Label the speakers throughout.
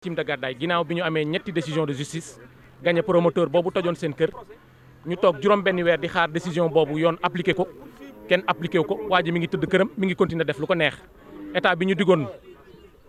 Speaker 1: Team de Gàddaay ginaaw biñu amé ñetti décision de justice gagné promoteur bobu tojoon sen kër ñu tok juroom benn weer di xaar décision bobu yoon appliquer ko ken appliquer ko waji mi ngi tëdd kërëm mi ngi continuer def lu ko neex état bi ñu digoon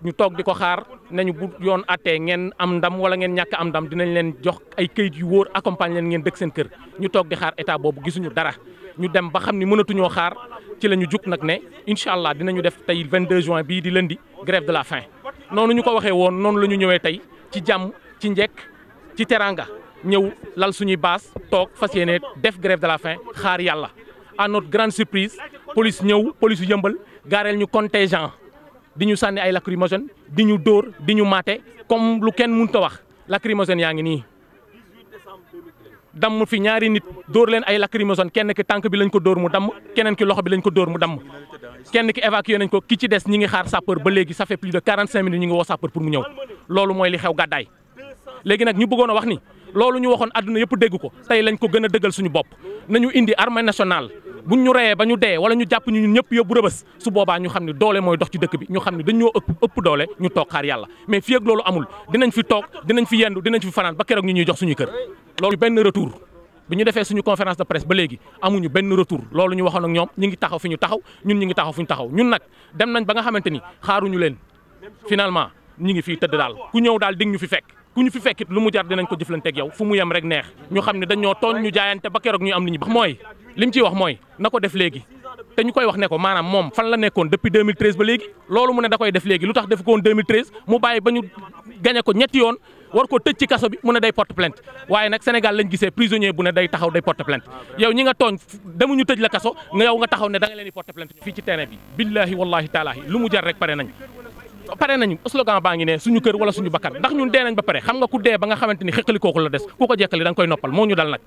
Speaker 1: ñu tok diko xaar nañu bu yoon atté ngén am ndam wala ngén ñak am ndam dinañ leen jox ay keuyit yu woor accompagner leen ngén dekk sen kër ñu tok di xaar état bobu gisunu dara ñu dem ba xamni ni mënatuñoo xaar ci lañu juk nak né inshallah dinañu def tay 22 juin bi di lundi grève de la faim noonu ñu ko waxee woon noonu lañu ñëwee tey ci jàmm ci njekk ci teranga ñëw lal suñuy baas toog fas yéene def grève de la faim xaar yàlla à notre grande surprise police ñëw police yu yëmbal gaareel ñu contingent di ñu sànni ay lacrymogène di ñu dóor di ñu maate comme lu kenn mënut a wax lacrymogène yaa ngi nii damm fi ñaari nit dóor leen ay lacrymogène kenn ki tànk bi lañ ko dóor mu damm keneen ki loxo bi lañ ko dóor mu damm kenn ki évacué nañ ko ki ci des ñi ngi xaar sapeur ba léegi ça fait plus de 45 minutes ñu ngi woo sapeur pour mu ñëw loolu mooy li xew gàddaay léegi nag ñu bëggoon a wax ni loolu ñu waxoon àdduna yëpp dégg ko tey lañ ko gën dëggal suñu bopp nañu indi armée nationale buñ ñu reyee ba ñu dee wala ñu jàpp ñu ñun ñëpp yóbbu rëbës su boobaa ñu xam ne doole mooy dox ci dëkk bi ñu xam ne dañoo ëpp ëpp doole ñu toog xaar yàlla mais fii ak loolu amul dinañ fi toog dinañ fi yendu dinañ fi fanaan ba keroog ñu ñuy jox suñu kër loolu benn retour bi ñu defee suñu conférence de presse ba léegi amuñu benn retour loolu ñu waxoon ak ñoom ñu ngi taxaw fi ñu taxaw ñun ñu ngi taxaw fi ñu taxaw ñun nag dem nañ ba nga xamante ni xaaruñu leen finalement ñu ngi fii tëdd daal ku ñëw daal di ñu fi fekk ku ñu fi fekkit lu mu jar dinañ ko jëflanteeg yow fu mu yem rek neex ñu xam ne dañoo tooñ ñu jaayante ba keroog ñu am li ñu wax mooy li mu ciy wax mooy na ko def léegi te ñu koy wax ne ko maanaam moom fan la nekkoon depuis 2013 ba léegi loolu mu lu tax def ko woon 2013 mu war ko tëj ci kaso bi mu ne day porte plainte waaye nag Sénégal lañ gisee prisonnier bu ne day taxaw day porte plainte yow ñi nga tooñ demuñu tëj la kaso nga yow nga taxaw ne da nga leen di porte plainte fii ci terrain bi billaahi wallaahi taalaahi lu mu rek pare nañ pare nañu slogan baa ngi ne suñu kër wala suñu bakkan ndax ñun dee nañ ba pare xam nga ku dee ba nga xamante ni xeqali kooku la des ku ko jekkali da koy noppal moo ñu dal nag